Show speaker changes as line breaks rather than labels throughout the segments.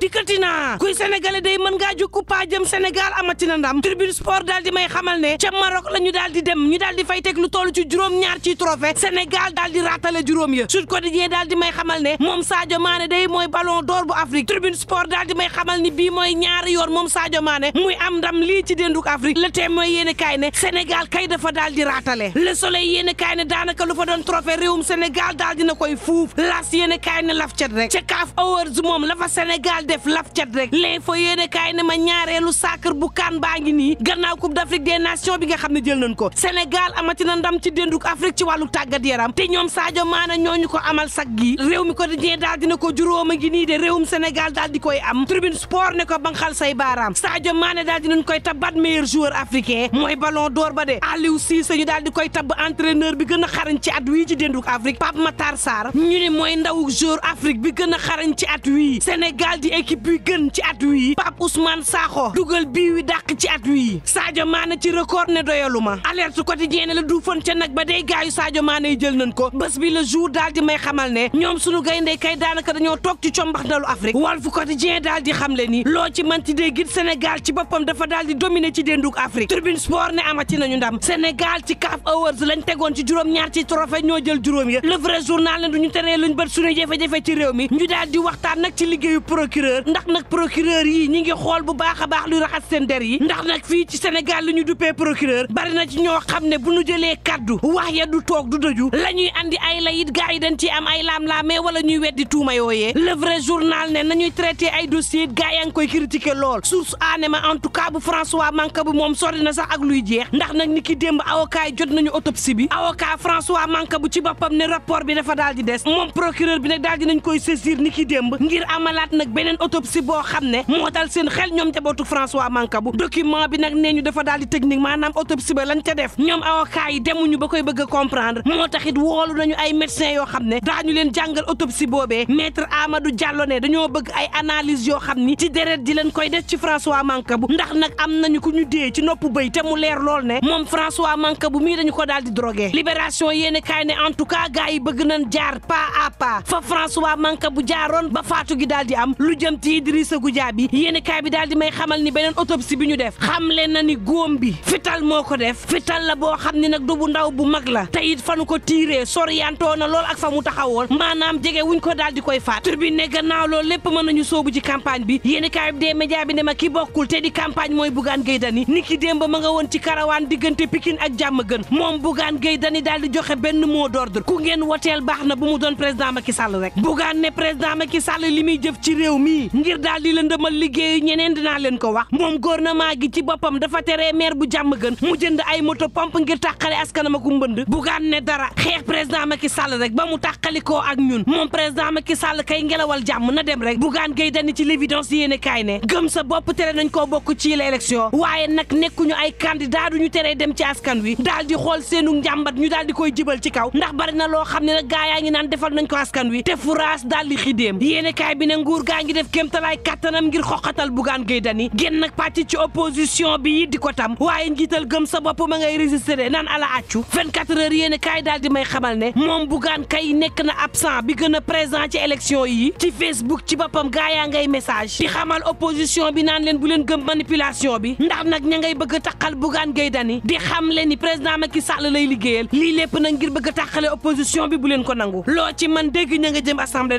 dikkati naa kuy sénégalais day mën ngaa jóg Coupe jëm Sénégal amati na ndam tribune sport daal di may xamal ne ca Maroc la ñu daal di dem ñu daal di fay teg lu toll ci juróom-ñaar ci trophée Sénégal daal di raatale juróom ya Sud Quotidien daal di may xamal ne moom Sadio maane day mooy ballon door bu Afrique tribune sport daal di may xamal ni bii mooy ñaar yoon moom Sadio Mané muy am ndam lii ci dénduk Afrique le thème mooy yéen kaay ne Sénégal kay dafa daal di raatale le soleil yéen kaay ne daanaka lu fa doon trophée réewum Sénégal daal dina koy fuuf las yéen kaay ne laf cet la fa Sénégal def laf cat rek l'info yéene kaay ne ma ñaareelu saakar bu baa ngi nii gannaaw coupe d' afrique des nations bi nga xam ne jël nañ ko sénégal amati na ndam ci dénduk afrique ci wàllu tàggat yaram te ñoom Sadio Maana ñooñu ko amal sag gi mi ko dañee daal dina ko juróom a ngi nii de réewum sénégal daal koy am tribune sport ne ko banxal say baaraam Sadio Maana daal dinañ koy tabbat meilleur joueur africain mooy ballon d'or ba de Aliou Cissé ñu daal di koy tabb entraîneur bi gën a xarañ ci at ñu ne mooy a équipe bi gën ci at wi Pape Ousmane Sakho dugal bii wi dàq ci at wi Sadio Mané ci record ne doyalu ma alerte quotidien la duufoon ca nag ba day gaayu Sadio Mané yi jël nañ ko bés bi le jour daal di may xamal ne ñoom suñu gayndee kay daanaka dañoo toog ci combax ndalu Afrique Walf Quotidien daal di xamle ni loo ci manti dee gis Sénégal ci boppam dafa daal di dominer ci dénduk Afrique Tribune Sport ne amati nañu ndam Sénégal ci CAF Awards lañ tegoon ci juróom ñoo jël juróom ya le vrai journal ne duñu teree luñ bët suñu jafe-jafe ci réew mi ñu daal ci liggéeyu procureur ndax nag procureur yi ñi ngi xool bu baax a baax luy raxas der yi ndax nag fii ci Sénégal li ñu duppee bari na ci ñoo ne bu ñu jëlee kaddu wax ya du toog du dëju la ñuy andi ay layit gars yi dañ ci am ay laam-laamee wala ñuy weddi tuuma yooyee le vrai journal ne nañuy traité ay dossier gars yaa ngi koy critiqué lool source aane ma en tout cas bu moom sori na sax ak luy jeex ndax nag ni ki démb avocat yi jot nañu autopsie bi avocat François Mancabou ci boppam ne rapport bi beneen autopsie boo xam ne moo dal seen xel ñoom njabootu François Mancabou document bi nag nee ñu dafa daal di technique maanaam autopsie ba lañ ca def ñoom avocat demuñu ba koy bëgg a moo tax woolu nañu ay médecins yoo xam ne daañu leen jàngal autopsie boobee maître Amadou Diallo ne dañoo bëgg ay analyse yoo xam ni ci deret di leen koy des ci François Mancabou ndax nag am nañu ku ñu dee ci nopp bëy te mu leer lool ne moom François Mancabou mii dañu ko daal di drogué libération yéeni kaay ne en tout cas gars yi bëgg nañ jaar pas ba faatu gi daal jëm ci Idrissa Goudiaby bi daal di may xamal ni beneen autopsie bi ñu def xam leen na ni bi fital moo ko def fital la boo xam ne nag du bu ndaw bu mag la te it fanu ko tiiree soriyantoo na lool ak mu taxawoon maanaam jege wuñ ko daal di koy faat tur bi ne gannaaw loolu lépp mën nañu soobu ci campagne bi yéen kaay bi dee média bi ne ma ki bokkul te di campagne mooy Bougane Gueye Dany ni ki démb ma nga woon ci karawaan diggante Pikine ak jàmm gën moom Bougane Gueye Dany daal di joxe benn moo d'ordre ku ngeen woteel baax na bu mu doon président Macky Sall rek Bougane ne président Macky Sall li muy jëf ci réew mi bii ngir daal di lëndëmal liggéeyu ñeneen dinaa leen ko wax moom gouvernement gi ci boppam dafa teree maire bu jàmm gën mu jënd ay moto pompe ngir tàqale askanam ak mbënd bugaan ne dara xeex président Macky Sall rek ba mu tàqalikoo ak ñun moom président Macky Sall kay ngelawal jàmm na dem rek bugaan gay dani ci l'évidence yéene kaay ne gëm sa bopp tere nañ koo bokk ci la élection waaye nag nekkuñu ay candidat duñu teree dem ci askan wi daal di xool seenu njàmbat ñu daal di koy jibal ci kaw ndax bari na loo xam ne nag gaa yaa ngi def kéemtalaay kàttanam ngir xoqatal Bougane Gueye Dany génn nag pàcc ci opposition bi it di ko tam waaye njiital gëm sa bopp ma ngay résister ala accu 24 heures yéen may xamal ne moom Bougane kay nekk na absent bi gën a ci élection yi ci Facebook ci boppam gaa yaa ngay di xamal opposition bi naan leen bu gëm manipulation bi ndax nag ña bëgg a taqal Bougane Gueye Dany di xam leen président Macky Sall lay liggéeyal lii lépp nag ngir bëgg a tàqale bi bu leen ko nangu loo ci man dégg ña nga jëm assemblée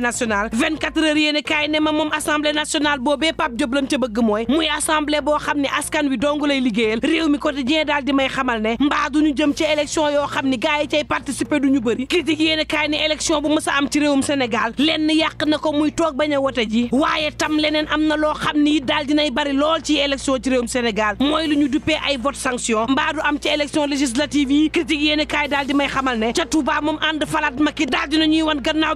moom assemblée nationale boobee Pape Diop lañ ca bëgg mooy muy assemblée boo xam ne askan wi dong lay liggéeyal réew mi quotidien daal di may xamal ne mbaa duñu jëm ci élection yoo xam ni gars yi cay participer duñu bëri critique yéen kaay ne élection bu mës a am ci réewum Sénégal lenn yàq na ko muy toog bañ wote ji waaye tam leneen am na loo xam ni daal dinay bari lool ci élection ci réewum Sénégal mooy lu ñu duppee ay vote sanction mbaa du am ci élection législative yi critique yéen kaay daal di may xamal ne ca Touba moom ànd falaat Macky daal dina ñuy wan gannaaw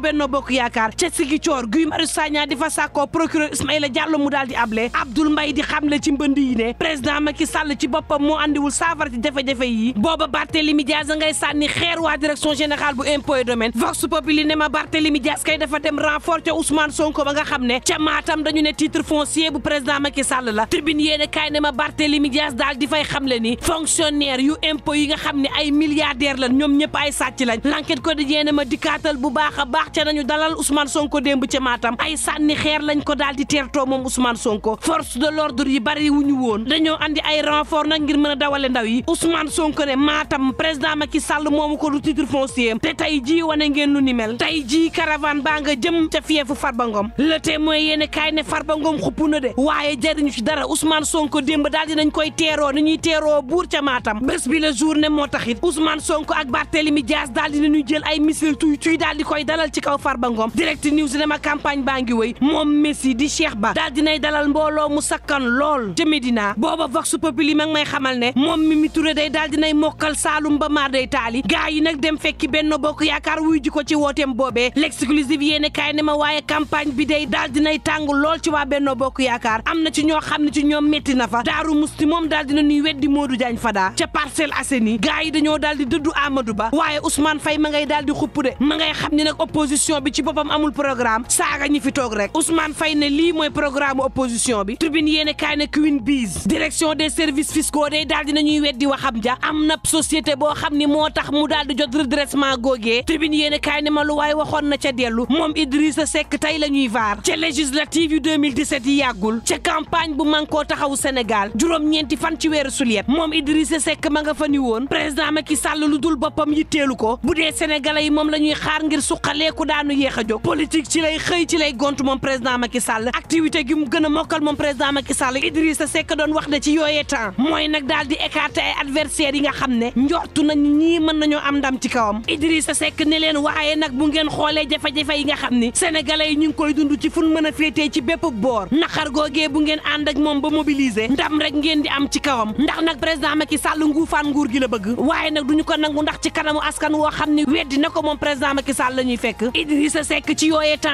ko procureur Ismaïla Diallo mu daal di ablé Abdoul Mbaye di xamle ci mbënd yi ne président Macky Sall ci boppam moo andiwul saafara ci jafe-jafe yi booba Barthélémy Dias ngay sànni xeer waa direction générale bu impôt et domaine Vox Populi ne ma Barthélémy Dias kay dafa dem renfort ca Ousmane Sonko ba nga xam ne ca Matam dañu ne titre foncier bu président Macky Sall la tribune yéene kaay ne ma Barthélémy Dias daal di fay xamle ni fonctionnaire yu impôt yi nga xam ne ay milliardaire lañ ñoom ñëpp ay sàcc lañ l'enquête quotidienne ma dikkaatal bu baax a baax ca nañu dalal Ousmane Sonko démb ca Matam ay sànni xeer la lañ ko daal di teertoo moom Ousmane Sonko force de l'ordre yi bari wuñu woon dañoo andi ay ranfor nag ngir mën a dawale ndaw yi Ousmane Sonko ne maatam président Macky Sall moom ko du titre foncier te tey jii wane ngeen lu ni mel tey jii caravane baa nga jëm ca fiefu Farba Ngom le témoin yéen kaay ne Farba Ngom xuppu na de waaye jariñu fi dara Ousmane Sonko démb daal di nañ koy teeroo ni ñuy teeroo buur ca maatam bés bi la journée moo taxit Ousmane Sonko ak Barthélemy Dias daal di nañu jël ay missile daal di koy dalal ci kaw Farba Ngom direct news ne ma campagne baa ngi wéy Messi di Cheikh Ba daal dinay dalal mbooloo mu sakkan lool ca Medina booba vox populi ma mag may xamal ne moom mi Mimi Touré day daal dinay mokkal Saalum ba maar day taali gaa yi nag dem fekki benn bokk yaakaar wuy ji ko ci wooteem boobee l'exclusive yéene kaay ne ma waaye campagne bi day daal dinay tàng lool ci waa benn bokk yaakaar am na ci ñoo xam ne ci ñoom metti na fa Daaru Musti moom daal dina ñuy weddi moodu Diagne Fada ca Parcelles Assainies gaa yi dañoo daal di dëddu Amadou Ba waaye Ousmane Faye ma ngay daal di xupp ma ngay xam ne nag bi ci boppam amul programme saaga ñi fi toog rek Birahim Faye ne lii mooy programme opposition bi tribune yéene kaay ne Queen Bees direction des services fiscaux day daal dina ñuy weddi waxam ja am na société boo xam ni moo tax mu daal di jot redressement googee tribune yéene kaay ne ma lu waay waxoon na ca dellu moom Idrissa Seck tey la ñuy vaar ca législative yu 2017 yi yàggul ca campagne bu Mankoo Taxawu Sénégal juróom-ñeenti fan ci weeru sulet moom Idrissa Seck ma nga fa ni woon président ki sàll lu dul boppam yitteelu ko bu dee sénégalais yi moom la ñuy xaar ngir suqaleeku daanu yéex a jóg politique ci lay gont moom président Macky Sall activité gi mu gën a mokkal moom président Macky Sall Idrissa Seck doon wax ne ci yooyee temps mooy nag daal di ay adversaires yi nga xam ne njortu nañ ñii mën nañoo am ndam ci kawam sa Seck ne leen waaye nag bu ngeen xoolee jafe-jafe yi nga xam ni sénégalais yi ñu ngi koy dund ci fun mën a féetee ci bépp boor naqar googee bu ngeen ànd ak moom ba mobiliser ndam rek ngeen di am ci kawam ndax nag président Macky Sall nguufaan nguur gi la bëgg waaye nag duñu ko nangu ndax ci kanamu askan woo xam ni weddi na ko moom président Macky Sall la ñuy fekk Idrissa Seck ci yooyee temps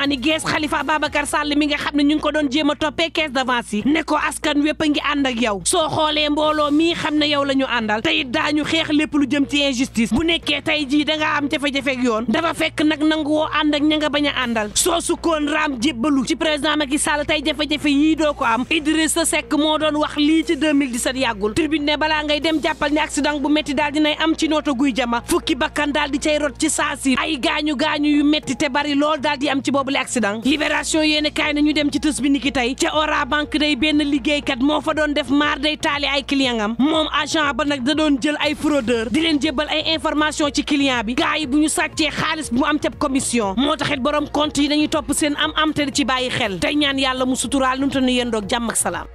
mi nga xam ne ñu ngi ko doon jéem a toppee caisse d'avance yi ne ko askan wépp a ngi ànd ak yow soo xoolee mbooloo mii xam ne yow la ñu àndal tey daañu xeex lépp lu jëm ci injustice bu nekkee tey jii danga am jafe-jafeek yoon dafa fekk nag nangu woo ànd ak ña nga bañ a àndal soo sukkoon raam jébbalu ci président Macky Sall tey jafe-jafe yii doo ko am Idrissa Seck moo doon wax lii ci 2017 yàggul tribune ne balaa ngay dem jàppal ne accident bu métti daal dinay am ci nooto guy jama fukki bakkan daal di cay rot ci saasi ay gaañu gaañu yu métti bari lool daal am ci boobule accident kaay nañu dem ci tës bi niki tey ca ora banque day benn liggéeykat moo fa doon def maar day taali ay client am moom agent ba nag da doon jël ay fraudeur di leen jébbal ay information ci client bi gars bu ñu sàccee xaalis bu am ca commission moo taxit borom compte yi dañuy topp seen am am te ci bàyyi xel tey ñaan yàlla mu suturaal nunu te nu yendoog jàmm ak salaam